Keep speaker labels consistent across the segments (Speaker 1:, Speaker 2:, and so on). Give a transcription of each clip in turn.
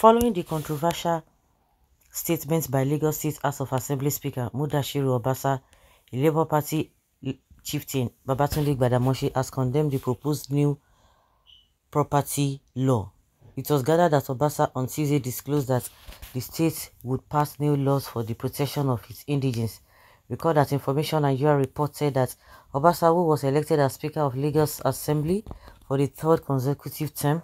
Speaker 1: Following the controversial statements by Lagos State House of Assembly Speaker Mudashiru Obasa, Labour Party chieftain Babatunde Gbadamoshi has condemned the proposed new property law. It was gathered that Obasa on Tuesday disclosed that the state would pass new laws for the protection of its indigents. Recall that Information and report reported that Obasa, who was elected as Speaker of Lagos Assembly for the third consecutive term,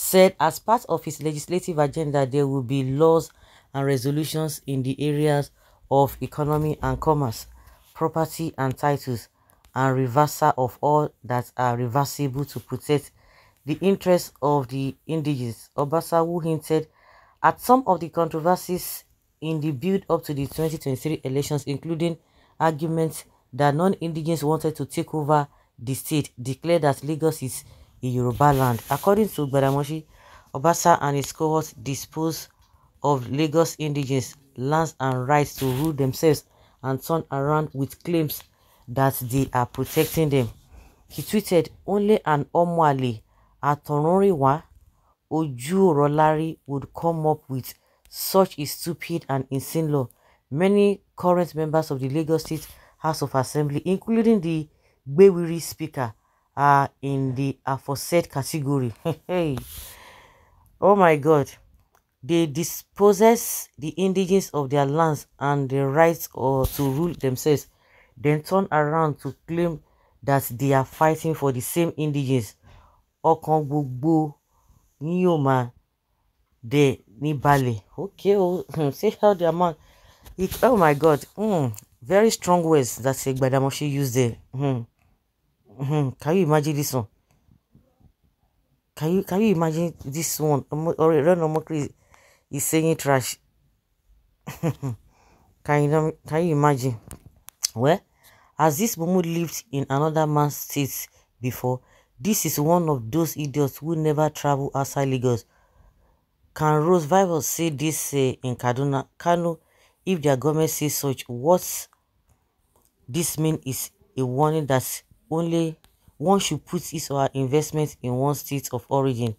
Speaker 1: said as part of his legislative agenda there will be laws and resolutions in the areas of economy and commerce, property and titles, and reversal of all that are reversible to protect the interests of the indigenous. Obasa, who hinted at some of the controversies in the build up to the 2023 elections, including arguments that non indigenous wanted to take over the state, declared that Lagos is in Yoruba land. According to Gbadamoshi, Obasa and his cohorts disposed of Lagos indigenous lands and rights to rule themselves and turn around with claims that they are protecting them. He tweeted, only an Omwali, Atonoriwa Oju Rolari would come up with such a stupid and insane law. Many current members of the Lagos State House of Assembly, including the Gbewiri Speaker, are in the aforesaid category. oh my God. They dispossess the indigenous of their lands and the rights or to rule themselves, then turn around to claim that they are fighting for the same indigenous. Ọkàn gbogbo ni Nibale. Okay oh, hmm, see how their man. It, oh my God, mm, very strong words that Gbademosi used there. Mm. Hmm, can you imagine this one? Can you can you imagine this one? Ren crazy is saying trash. can you can you imagine? Well, as this Mumu lived in another man's state before, this is one of those idiots who never travel outside Lagos. Can Rose Bible say this uh, in Kaduna? Kano, if their government says such, what this means is a warning that only one should put his or her investment in one state of origin.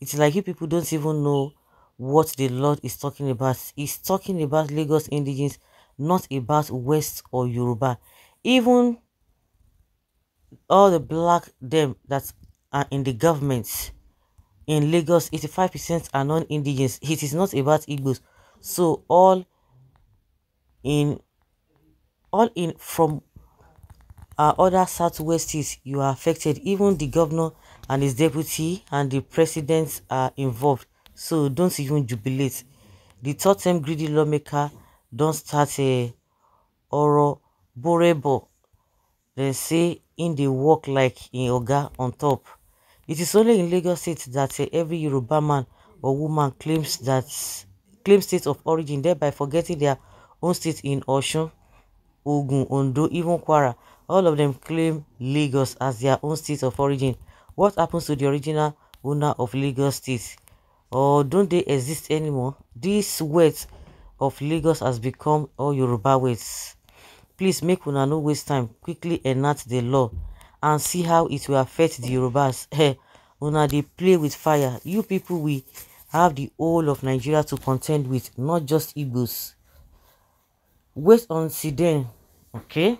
Speaker 1: It's like you people don't even know what the Lord is talking about. He's talking about Lagos indigenous, not about West or Yoruba. Even all the black them that are in the government in Lagos, 85% are non-indigenes. It is not about Igbos. So all in all in from our other Southwesties, you are affected. Even the governor and his deputy and the president are involved. So don't even jubilate. The third term greedy lawmaker don't start a eh, oro borebo. They say in the work like in Oga on top. It is only in Lagos State that uh, every Yoruba man or woman claims that claims state of origin, thereby forgetting their own state in Oshun. Ogun, Ondo, even Kwara, all of them claim Lagos as their own state of origin. What happens to the original owner of Lagos state? Or don't they exist anymore? These words of Lagos has become all Yoruba words. Please make una no waste time. Quickly enact the law and see how it will affect the Yorubas. Eh, una they play with fire. You people we have the whole of Nigeria to contend with, not just Igbos. Wait until then Okay.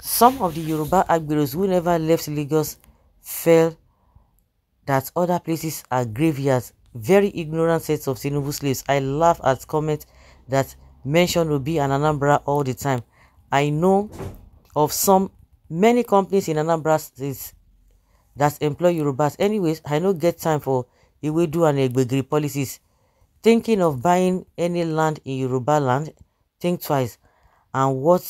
Speaker 1: Some of the Yoruba Agberos who never left Lagos felt that other places are graveyards. Very ignorant sets of Tinubu slaves. I laugh at comments that mention be and Anambra all the time. I know of some many companies in Anambra states that employ Yorubas. Anyways, I no get time for Iwedu and Egbegri policies. Thinking of buying any land in Yoruba land, think twice. And what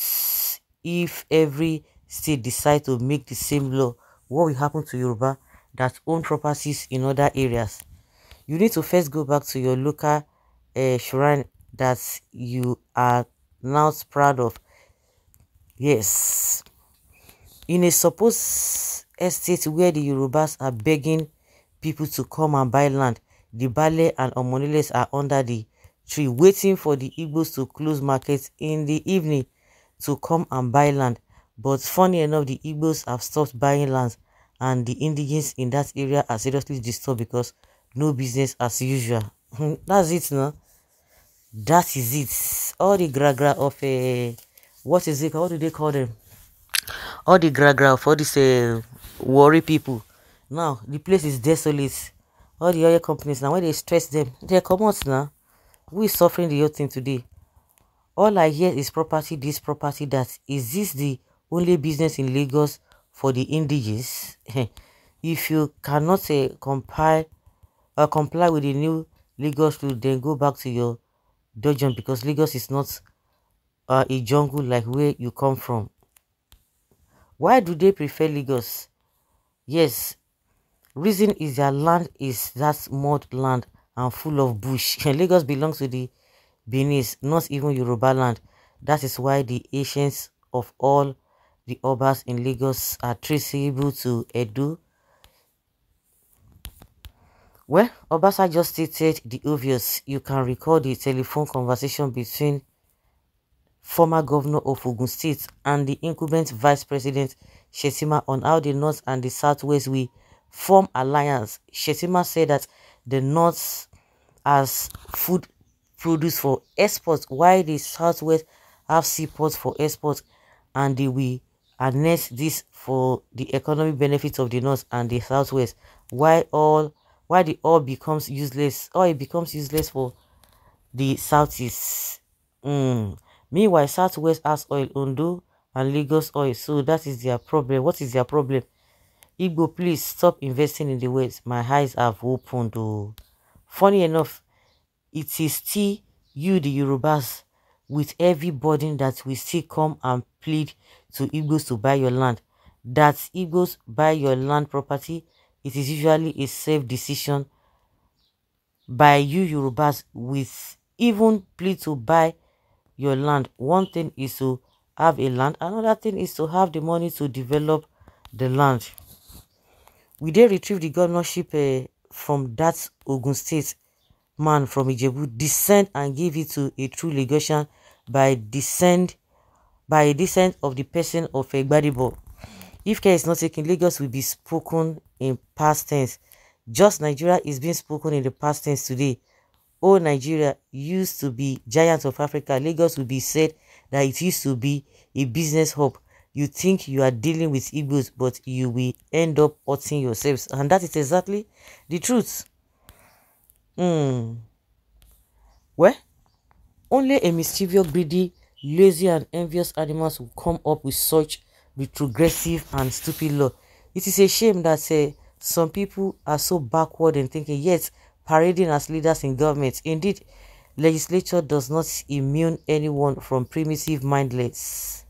Speaker 1: if every state decide to make the same law? What will happen to Yoruba that own properties in other areas? You need to first go back to your local uh, shrine that you are now proud of. Yes. In a supposed estate where the Yorubas are begging people to come and buy land, the Bale and Omonilis are under the tree waiting for the Igbos to close markets in the evening to come and buy land. But funny enough, the Igbos have stopped buying lands and the indigenes in that area are seriously disturbed because no business as usual. Hmm, that's it now. That is it. All the gragra of a uh, eh, what is it? What do they call them? All the gragra of all these uh, worry people. Now the place is desolate. All the other companies now when they stress them, they come out now. Who is suffering the whole thing today? All I hear is property, this property, that. Is this the only business in Lagos for the indigenous? if you cannot say eh, compile, uh, comply with the new Lagos rule, then go back to your dungeon because Lagos is not uh, a jungle like where you come from. Why do they prefer Lagos? Yes, reason is their land is that mud land and full of bush. Lagos belongs to the Benis, not even Yoruba land. That is why the ancients of all the obas in Lagos are traceable to Edo. Well, Obasa just stated the obvious. You can recall the telephone conversation between former governor of Ogun State and the incumbent vice president Shetima on how the North and the Southwest will form alliance. Shetima said that the North as food produce for exports, while the southwest have seaports for exports, and they will harness this for the economic benefits of the north and the southwest why all why the oil becomes useless or it becomes useless for the southeast mm. meanwhile southwest has oil undo and lagos oil so that is their problem what is their problem igbo please stop investing in the west my eyes have opened Oh. Funny enough, it is still you the Yorubas with every burden that we still come and plead to Igbos to buy your land. That Igbos buy your land property, it is usually a safe decision by you Yorubas with even plead to buy your land. One thing is to have a land, another thing is to have the money to develop the land. We did retrieve the governorship uh, from that Ogun State man from Ijebu descend and give it to a true Lagosian by descent by a descent of the person of a boy. If care is not taken, Lagos will be spoken in past tense. Just Nigeria is being spoken in the past tense today. Oh, Nigeria used to be giant of Africa. Lagos will be said that it used to be a business hub you think you are dealing with evils, but you will end up hurting yourselves. And that is exactly the truth. Hmm. Well, only a mischievous, greedy, lazy, and envious animals will come up with such retrogressive and stupid law. It is a shame that uh, some people are so backward in thinking, yet parading as leaders in government. Indeed, legislature does not immune anyone from primitive mindless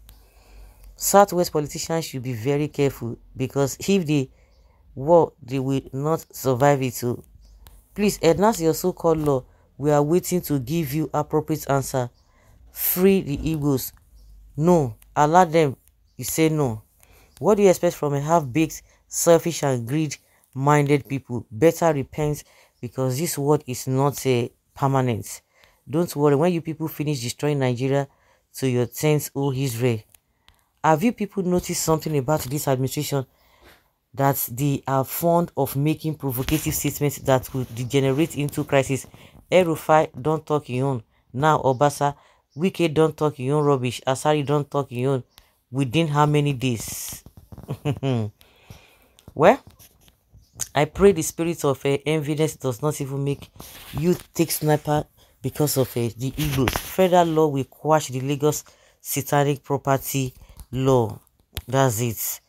Speaker 1: Southwest politicians should be very careful because if they war, they will not survive it. So please announce your so-called law. We are waiting to give you appropriate answer. Free the egos. No, allow them. You say no. What do you expect from a half-baked, selfish and greed-minded people? Better repent because this world is not a uh, permanent. Don't worry, when you people finish destroying Nigeria to your tents, O Israel, have you people noticed something about this administration that they are fond of making provocative statements that would degenerate into crisis? Erufai, don't talk your own. Now, Obasa, Wike, don't talk your own rubbish. Asari, don't talk your own. Within how many days? well, I pray the spirit of uh, eh, enviness does not even make you take sniper because of uh, the egos. Federal law will quash the Lagos satanic property law that's it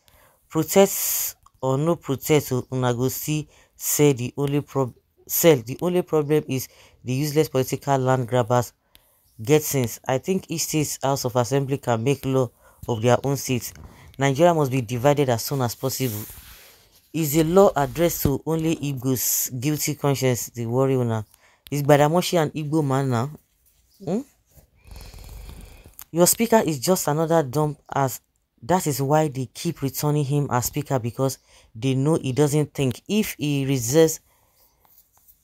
Speaker 1: protest or no protest una go see say the only problem sell the only problem is the useless political land grabbers get sense i think each state's house of assembly can make law of their own state nigeria must be divided as soon as possible is the law addressed to only igbo's guilty conscience the worry owner is gbadamoshi an igbo man now hmm? Your speaker is just another dump as that is why they keep returning him as speaker because they know he doesn't think. If he reserves,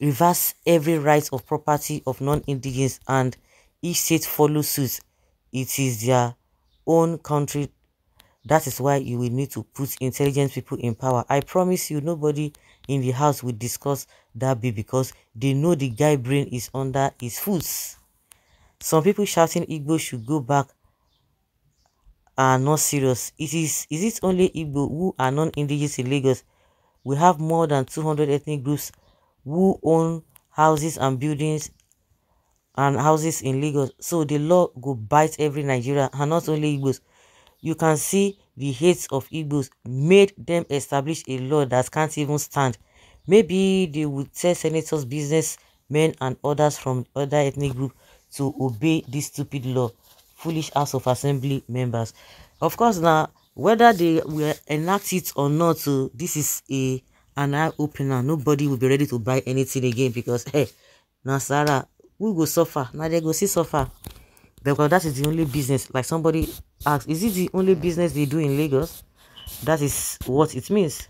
Speaker 1: reverse every right of property of non-indigenous and each state follows suit, it is their own country. That is why you will need to put intelligent people in power. I promise you nobody in the house will discuss that be because they know the guy brain is under his foot. Some people shouting Igbo should go back are not serious. It is, is it only Igbo who are non-indigenous in Lagos? We have more than 200 ethnic groups who own houses and buildings and houses in Lagos. So the law go bite every Nigerian and not only Igbos. You can see the hate of Igbos made them establish a law that can't even stand. Maybe they would tell senators, businessmen and others from other ethnic groups to obey this stupid law foolish house of assembly members of course now whether they will enact it or not so oh, this is a an eye opener nobody will be ready to buy anything again because hey now sarah we go suffer now they go see suffer because that is the only business like somebody asked is it the only business they do in lagos that is what it means